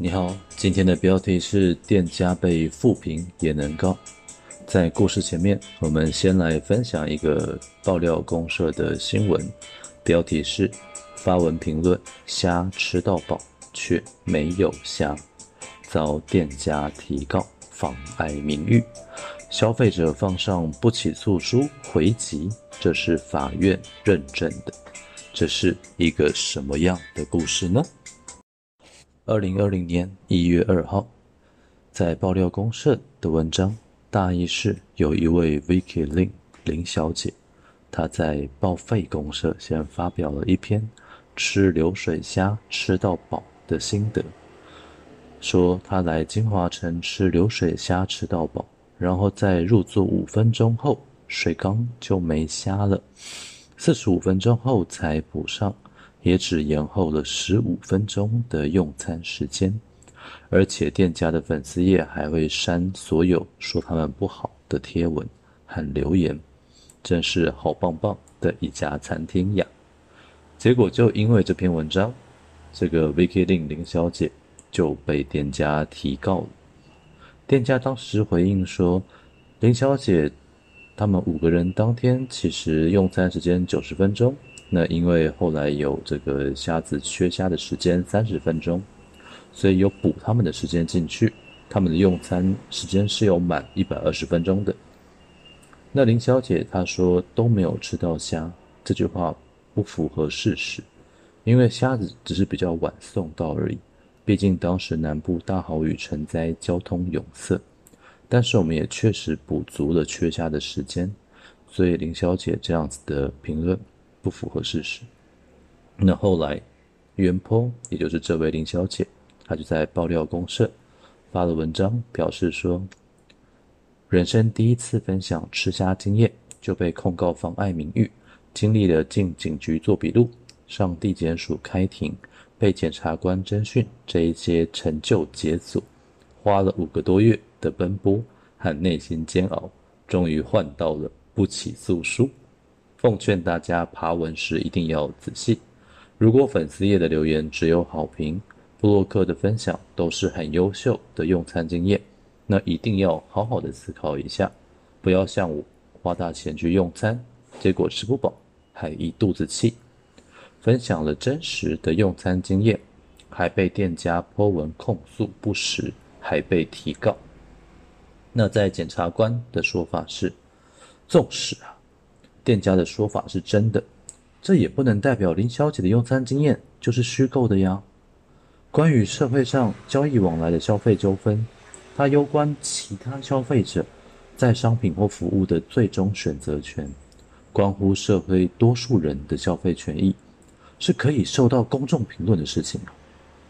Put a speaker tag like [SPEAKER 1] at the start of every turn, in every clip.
[SPEAKER 1] 你好，今天的標題是店家被負評也能告。在故事前面，我們先來分享一個爆料公社的新聞，標題是：發文評論蝦吃到飽卻沒有蝦，遭店家提告妨礙名譽，消費者放上不起訴書回擊，這是法院認證的。這是一個什麼樣的故事呢？二零二零年一月二號，在爆料公社的文章大意是，有一位 Vicky 林林小姐，她在報廢公社先發表了一篇吃流水蝦吃到飽的心得，說她來京華城吃流水蝦吃到飽，然後在入座五分鐘後，水缸就沒蝦了，四十五分鐘後才補上。也只延後了十五分鐘的用餐時間，而且店家的粉絲頁還會刪所有說他們不好的貼文和留言，真是好棒棒的一家餐廳呀！結果就因為這篇文章，這個 Vicky Lin 林小姐就被店家提告了。店家當時回應說，林小姐他們五個人當天其實用餐時間九十分鐘。那因為後來有這個蝦子缺蝦的時間三十分鐘，所以有補他們的時間進去，他們的用餐時間是有滿一百二十分鐘的。那林小姐她說都沒有吃到蝦，這句話不符合事實，因為蝦子只是比較晚送到而已，畢竟當時南部大豪雨成災，交通壅塞。但是我們也確實補足了缺蝦的時間，所以林小姐這樣子的評論。不符合事實。那後來，原 PO，也就是這位林小姐，她就在爆料公社發了文章，表示說，人生第一次分享吃蝦經驗，就被控告妨礙名譽，經歷了進警局做筆錄、上地檢署開庭、被檢察官偵訊這一些成就解鎖，花了五個多月的奔波和內心煎熬，終於換到了不起訴書。奉勸大家爬文時一定要仔細。如果粉絲頁的留言只有好評，部落客的分享都是很優秀的用餐經驗，那一定要好好的思考一下，不要像我花大錢去用餐，結果吃不飽還一肚子氣。分享了真實的用餐經驗，還被店家潑文控訴不實，還被提告。那在檢察官的說法是，縱使啊。店家的說法是真的，這也不能代表林小姐的用餐經驗就是虛構的呀。關於社會上交易往來的消費糾紛，它攸關其他消費者在商品或服務的最終選擇權，關乎社會多數人的消費權益，是可以受到公眾評論的事情。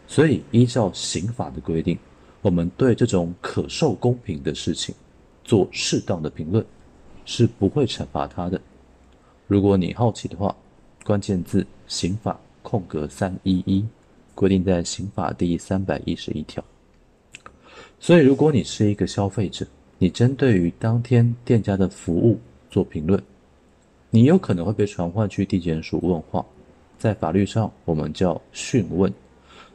[SPEAKER 1] 所以，依照刑法的規定，我們對這種可受公評的事情做適當的評論，是不會懲罰他的。如果你好奇的話，關鍵字刑法空格三一一，規定在刑法第三百一十一條。所以，如果你是一個消費者，你針對於當天店家的服務做評論，你有可能會被傳喚去地檢署問話，在法律上我們叫訊問。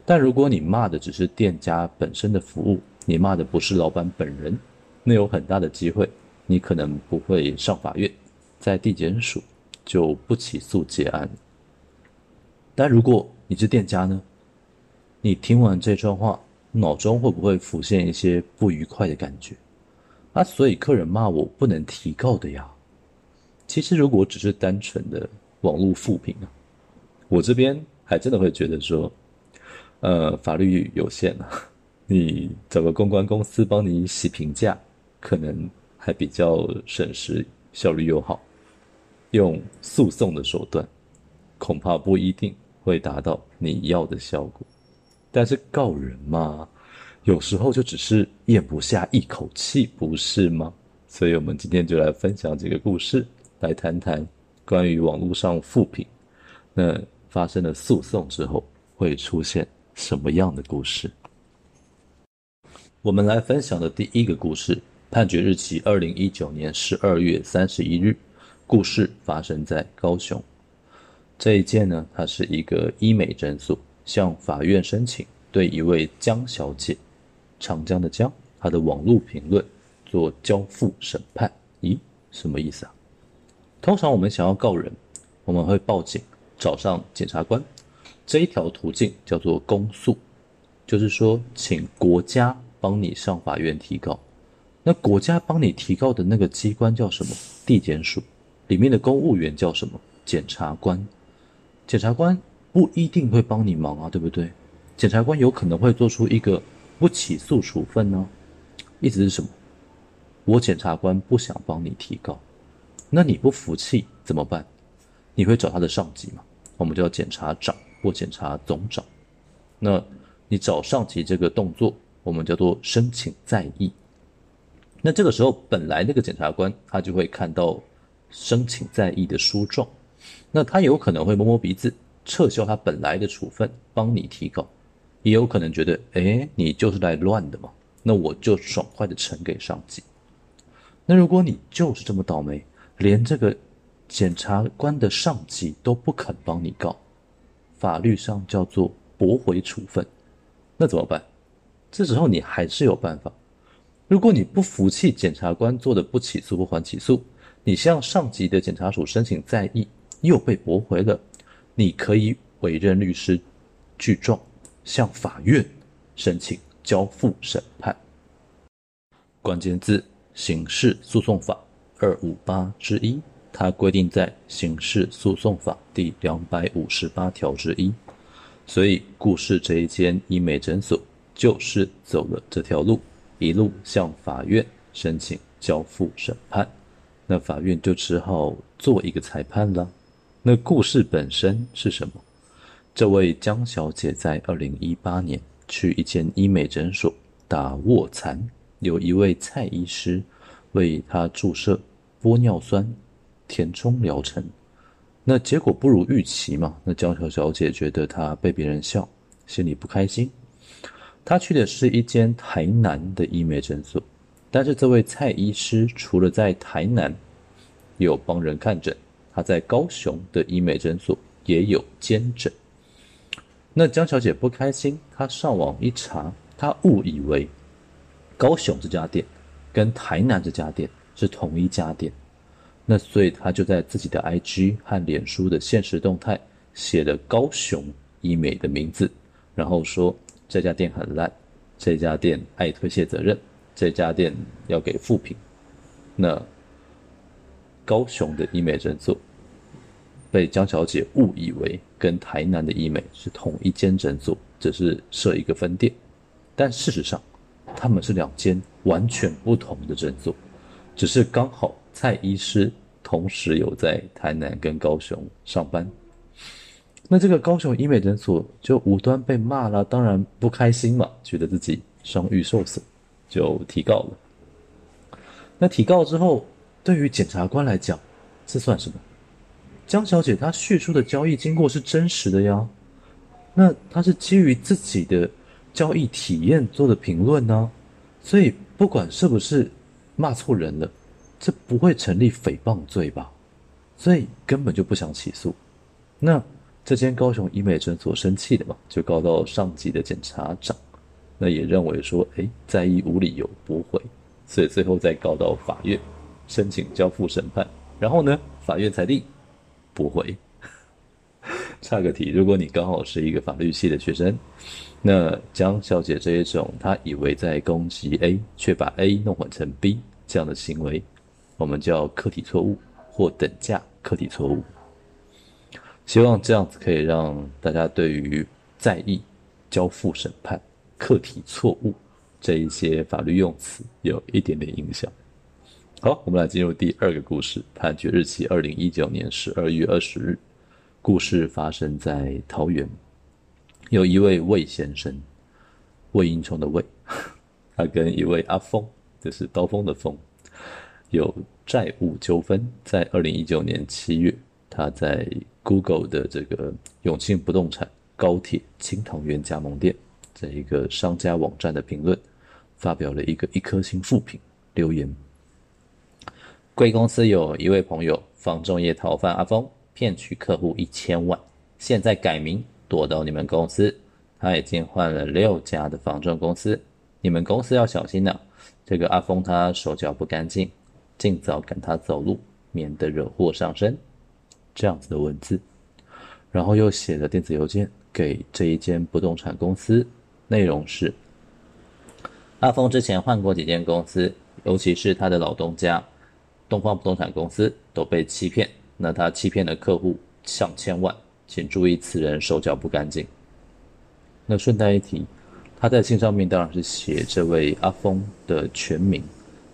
[SPEAKER 1] 但如果你罵的只是店家本身的服務，你罵的不是老板本人，那有很大的機會，你可能不會上法院，在地檢署。就不起訴結案。但如果你是店家呢？你聽完這段話，腦中會不會浮現一些不愉快的感覺？啊，所以客人罵我不能提告的呀。其實如果只是單純的網絡負評啊，我這邊還真的會覺得說，呃，法律有限啊，你找個公關公司幫你洗評價，可能還比較省時，效率又好。用訴訟的手段，恐怕不一定會達到你要的效果。但是告人嘛，有時候就只是嚥不下一口氣，不是嗎？所以，我們今天就來分享幾個故事，來談談關於網絡上負評，那發生了訴訟之後，會出現什麼樣的故事。我們來分享的第一個故事，判決日期二零一九年十二月三十一日。故事發生在高雄。這一件呢，它是一個醫美診所向法院申請對一位江小姐（長江的江）她的網絡評論做交付審判。咦，什麼意思啊？通常我們想要告人，我們會報警找上檢察官，這一條途徑叫做公訴，就是說請國家幫你上法院提告。那國家幫你提告的那個機關叫什麼？地檢署。裡面的公務員叫什麼？檢察官，檢察官不一定會幫你忙啊，對不對？檢察官有可能會做出一個不起訴處分呢、啊，意思是什麼？我檢察官不想幫你提告，那你不服氣怎麼辦？你會找他的上級嘛？我們叫檢察長或檢察總長。那你找上級這個動作，我們叫做申請再議。那這個時候，本來那個檢察官他就會看到。申請再議的書狀，那他有可能會摸摸鼻子撤銷他本來的處分，幫你提告；也有可能覺得，誒，你就是來亂的嘛，那我就爽快地呈給上級。那如果你就是這麼倒霉，連這個檢察官的上級都不肯幫你告，法律上叫做駁回處分，那怎麼辦？這時候你還是有辦法。如果你不服氣檢察官做的不起訴或緩起訴。你向上級的檢察署申請再議，又被駁回了。你可以委任律師具狀向法院申請交付審判。關鍵字：刑事訴訟法二五八之一，它規定在刑事訴訟法第兩百五十八條之一。所以，故事這一間醫美診所就是走了這條路，一路向法院申請交付審判。那法院就只好做一個裁判了。那故事本身是什麼？這位江小姐在二零一八年去一間醫美診所打臥蠶，有一位蔡醫師為她注射玻尿酸填充療程。那結果不如預期嘛，那江小小姐覺得她被別人笑，心裡不開心。她去的是一間台南的醫美診所。但是這位蔡醫師除了在台南有幫人看診，他在高雄的醫美診所也有兼診。那江小姐不開心，她上網一查，她誤以為高雄這家店跟台南這家店是同一家店，那所以她就在自己的 IG 和臉書的限時動態寫了高雄醫美的名字，然後說這家店很爛，這家店愛推卸責任。這家店要給負評。那，高雄的醫美診所被江小姐誤以為跟台南的醫美是同一間診所，只是設一個分店，但事實上他們是兩間完全不同的診所，只是剛好蔡醫師同時有在台南跟高雄上班。那這個高雄醫美診所就無端被罵了，當然不開心嘛，覺得自己聲譽受損，就提告了。那提告之後，對於檢察官來講，這算什麼？江小姐她敘述的交易經過是真實的呀，那她是基於自己的交易體驗做的評論呢，啊，所以不管是不是罵錯人了，這不會成立誹謗罪吧？所以根本就不想起訴。那這間高雄醫美診所生氣的嘛，就告到上級的檢察長。那也認為說，哎、欸，再議無理由駁回，所以最後再告到法院，申請交付審判，然後呢，法院裁定駁回。 差個題，如果你剛好是一個法律系的學生，那江小姐這一種，她以為在攻擊 A，卻把 A 弄混成 B 這樣的行為，我們叫客體錯誤或等價客體錯誤。希望這樣子可以讓大家對於再議交付審判。客體錯誤這一些法律用詞有一點點影響。好，我們來進入第二個故事。判決日期二零一九年十二月二十日。故事發生在桃園，有一位魏先生，魏應充的魏，他跟一位阿峰，就是刀鋒的鋒，有債務糾紛。在二零一九年七月，他在 Google 的這個永慶不動產高鐵青塘園加盟店，在一個商家網站的評論，發表了一個一顆星負評留言。貴公司有一位朋友房仲業逃犯阿峰，騙取客戶一千萬，現在改名躲到你們公司，他已經換了六家的房仲公司，你們公司要小心了啊。這個阿峰他手腳不乾淨，盡早趕他走路，免得惹禍上身。這樣子的文字，然後又寫了電子郵件給這一間不動產公司。內容是：阿峰之前換過幾間公司，尤其是他的老東家，東方不動產公司，都被欺騙。那他欺騙了客戶上千萬，請注意此人手腳不乾淨。那順帶一提，他在信上面當然是寫這位阿峰的全名，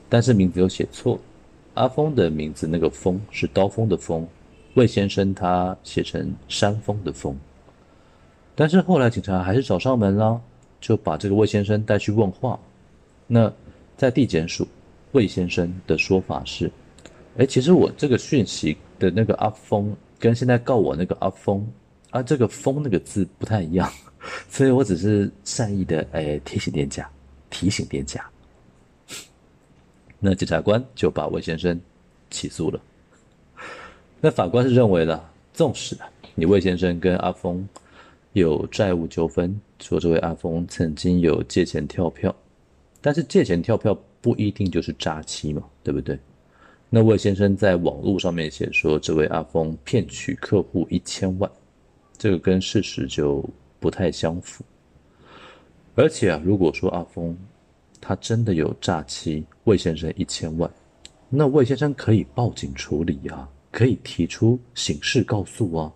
[SPEAKER 1] 但是名字有寫錯。阿峰的名字，那個峰是刀鋒的鋒，魏先生他寫成山峰的峰。但是後來警察還是找上門了。就把這個魏先生帶去問話。那在地檢署，魏先生的說法是：誒，其實我這個訊息的那個阿峰，跟現在告我那個阿峰，啊，這個峰那個字不太一樣，所以我只是善意的誒，提醒店家，提醒店家。那檢察官就把魏先生起訴了。那法官是認為呢，縱使你魏先生跟阿峰有債務糾紛。說這位阿峰曾經有借錢跳票，但是借錢跳票不一定就是詐欺嘛，對不對？那魏先生在網絡上面寫說這位阿峰騙取客戶一千萬，這個跟事實就不太相符。而且啊，如果說阿峰他真的有詐欺魏先生一千萬，那魏先生可以報警處理啊，可以提出刑事告訴啊。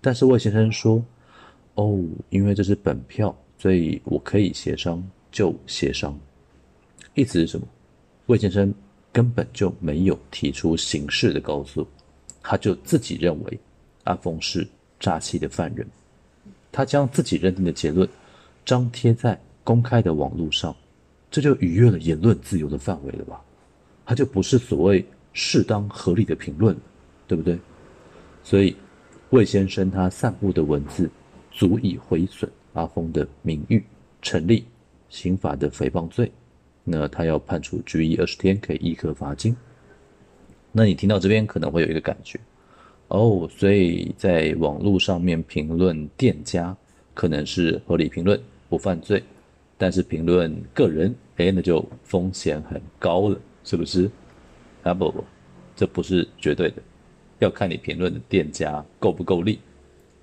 [SPEAKER 1] 但是魏先生說。哦，因為這是本票，所以我可以協商，就協商。意思是什麼？魏先生根本就沒有提出刑事的告訴，他就自己認為阿峰是詐欺的犯人，他將自己認定的結論張貼在公開的網絡上，這就逾越了言論自由的範圍了吧？他就不是所謂適當合理的評論，對不對？所以魏先生他散佈的文字。足以毀損阿峰的名譽，成立刑法的誹謗罪，那他要判處拘役二十天，可以易科罰金。那你聽到這邊可能會有一個感覺，哦，所以在網絡上面評論店家可能是合理評論不犯罪，但是評論個人，誒，那就風險很高了，是不是？啊，不不，這不是絕對的，要看你評論的店家夠不夠力，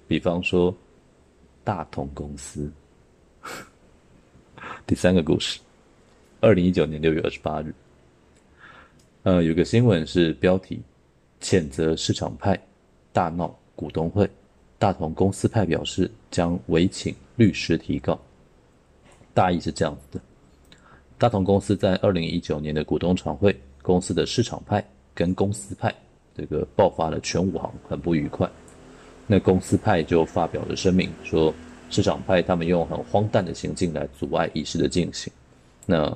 [SPEAKER 1] 比方說。大同公司， 第三個故事，二零一九年六月二十八日，呃，有個新聞是標題：譴責市場派大鬧股東會，大同公司派表示將委請律師提告，大意是這樣子的。大同公司在二零一九年的股東常會，公司的市場派跟公司派這個爆發了全武行，很不愉快。那公司派就發表了聲明，說市場派他們用很荒誕的行徑來阻礙儀式的進行。那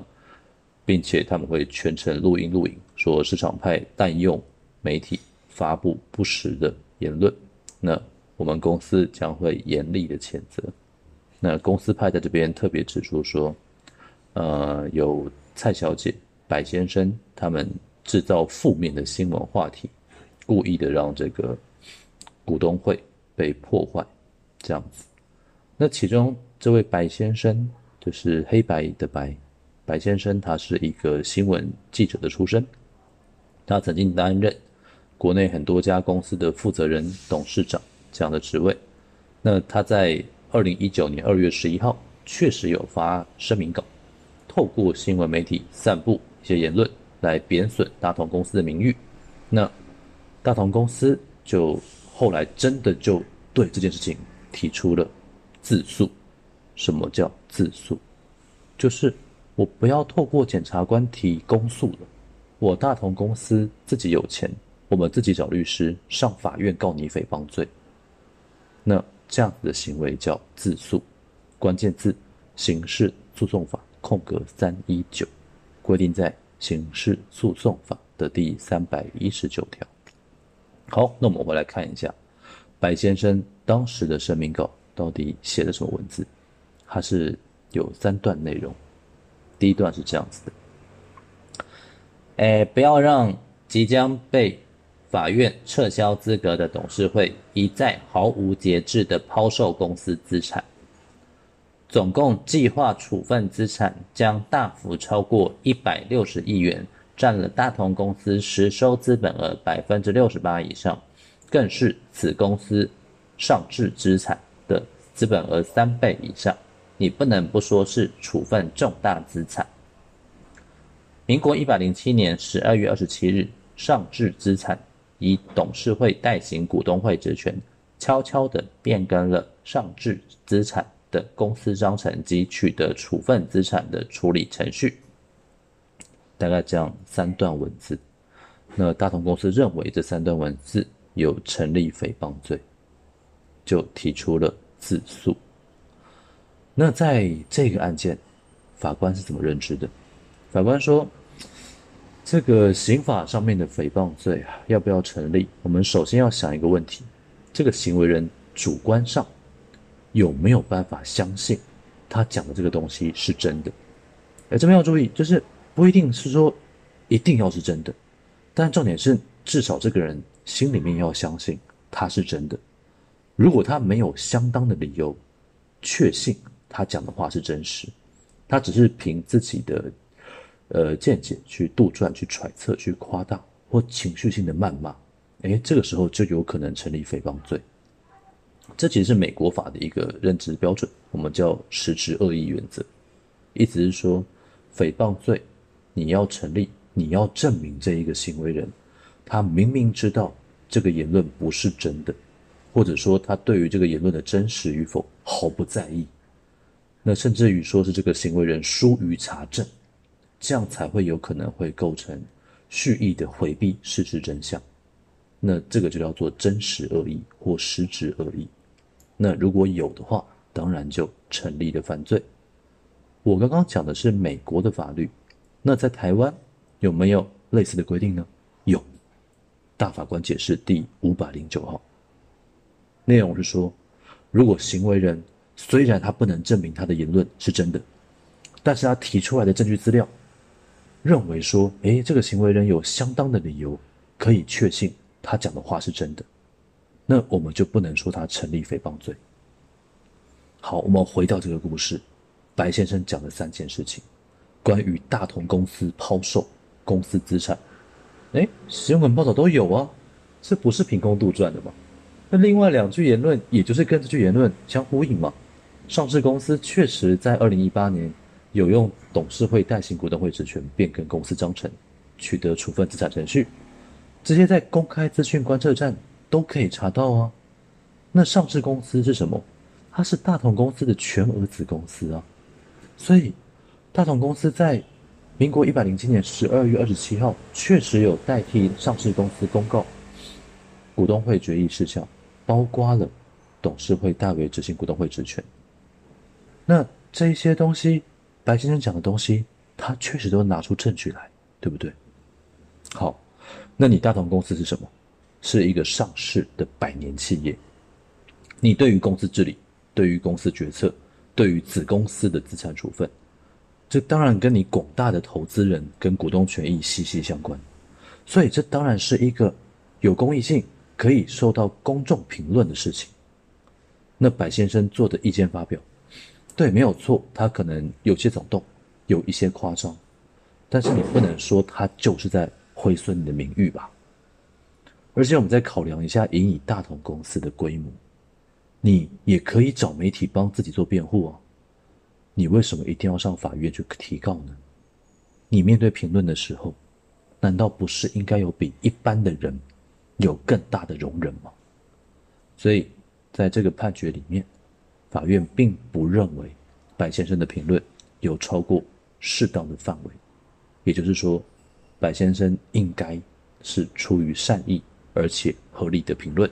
[SPEAKER 1] 並且他們會全程錄音錄影，說市場派濫用媒體發布不實的言論。那我們公司將會嚴厲的譴責。那公司派在這邊特別指出說，呃，有蔡小姐、白先生他們製造負面的新聞話題，故意的讓這個。股東會被破壞，這樣子。那其中這位白先生就是黑白的白白先生，他是一個新聞記者的出身，他曾經擔任國內很多家公司的負責人、董事長這樣的職位。那他在二零一九年二月十一號確實有發聲明稿，透過新聞媒體散布一些言論來貶損大同公司的名譽。那大同公司就。後來真的就對這件事情提出了自訴。什麼叫自訴？就是我不要透過檢察官提公訴了，我大同公司自己有錢，我們自己找律師上法院告你誹謗罪。那這樣子的行為叫自訴。關鍵字：刑事訴訟法，空格三一九，規定在刑事訴訟法的第三百一十九條。好，那我們回來看一下白先生當時的聲明稿到底寫了什麼文字？它是有三段內容，第一段是這樣子的。誒，不要讓即將被法院撤銷資格的董事會一再毫無節制的拋售公司資產，總共計劃處分資產將大幅超過一百六十億元。佔了大同公司實收資本額百分之六十八以上，更是子公司上置資產的資本額三倍以上，你不能不說是處分重大資產。民國一百零七年十二月二十七日，上置資產以董事會代行股東會職權，悄悄地變更了上置資產的公司章程及取得處分資產的處理程序。大概這樣三段文字，那大同公司認為這三段文字有成立誹謗罪，就提出了自訴。那在這個案件，法官是怎麼認知的？法官說，這個刑法上面的誹謗罪啊，要不要成立？我們首先要想一個問題：這個行為人主觀上有沒有辦法相信他講的這個東西是真的？誒、欸，這邊要注意，就是。不一定是說一定要是真的，但重點是至少這個人心裡面要相信他是真的。如果他沒有相當的理由確信他講的話是真實，他只是憑自己的呃見解去杜撰、去揣測、去誇大或情緒性的謾罵，誒，這個時候就有可能成立誹謗罪。這其實是美國法的一個認知標準，我們叫“實質惡意原則”，意思是說誹謗罪。你要成立，你要證明這一個行為人，他明明知道這個言論不是真的，或者說他對於這個言論的真實與否毫不在意，那甚至於說是這個行為人疏於查證，這樣才會有可能會構成蓄意的迴避事實真相。那這個就叫做真實惡意或實質惡意。那如果有的話，當然就成立的犯罪。我剛剛講的是美國的法律。那在台灣有沒有類似的規定呢？有，大法官解釋第五百零九號內容是說，如果行為人雖然他不能證明他的言論是真的，但是他提出來的證據資料，認為說，誒、欸，這個行為人有相當的理由可以確信他講的話是真的，那我們就不能說他成立誹謗罪。好，我們回到這個故事，白先生講了三件事情。關於大同公司拋售公司資產，誒，新聞報道都有啊，這不是憑空杜撰的嗎？那另外兩句言論，也就是跟這句言論相呼應嘛。上市公司確實在二零一八年有用董事會代行股東會職權變更公司章程，取得處分資產程序，這些在公開資訊觀測站都可以查到啊。那上市公司是什麼？它是大同公司的全額子公司啊，所以。大同公司在民國一百零七年十二月二十七號確實有代替上市公司公告股東會決議事項，包括了董事會代為執行股東會職權。那這些東西，白先生講的東西，他確實都拿出證據來，對不對？好，那你大同公司是什麼？是一個上市的百年企業。你對於公司治理、對於公司決策、對於子公司的資產處分，這當然跟你廣大的投資人跟股東權益息息相關，所以這當然是一個有公益性、可以受到公眾評論的事情。那柏先生做的意見發表，對，沒有錯，他可能有些走動，有一些誇張，但是你不能說他就是在毀損你的名譽吧？而且我們再考量一下，以你大同公司的規模，你也可以找媒體幫自己做辯護哦、啊。你為什麼一定要上法院去提告呢？你面對評論的時候，難道不是應該有比一般的人有更大的容忍嗎？所以，在這個判決裡面，法院並不認為白先生的評論有超過適當的範圍，也就是說，白先生應該是出於善意而且合理的評論，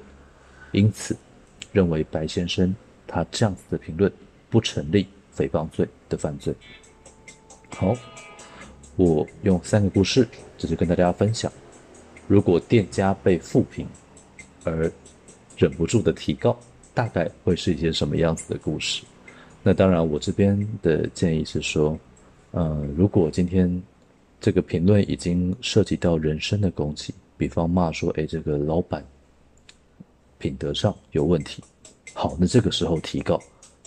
[SPEAKER 1] 因此認為白先生他這樣子的評論不成立。誹謗罪的犯罪。好，我用三個故事，這就跟大家分享，如果店家被負評而忍不住的提告，大概會是一些什麼樣子的故事。那當然，我這邊的建議是說，呃，如果今天這個評論已經涉及到人身的攻擊，比方罵說，哎，這個老板品德上有問題。好，那這個時候提告。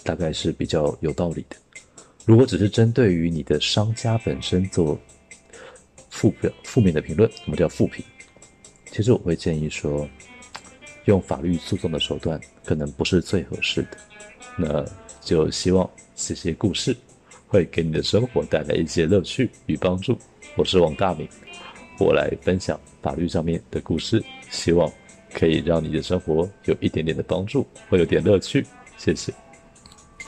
[SPEAKER 1] 大概是比較有道理的。如果只是針對於你的商家本身做負面負面的評論，我們叫負評。其實我會建議說，用法律訴訟的手段可能不是最合適的。那就希望這些故事會給你的生活帶來一些樂趣與幫助。我是王大明，我來分享法律上面的故事，希望可以讓你的生活有一點點的幫助，會有點樂趣。謝謝。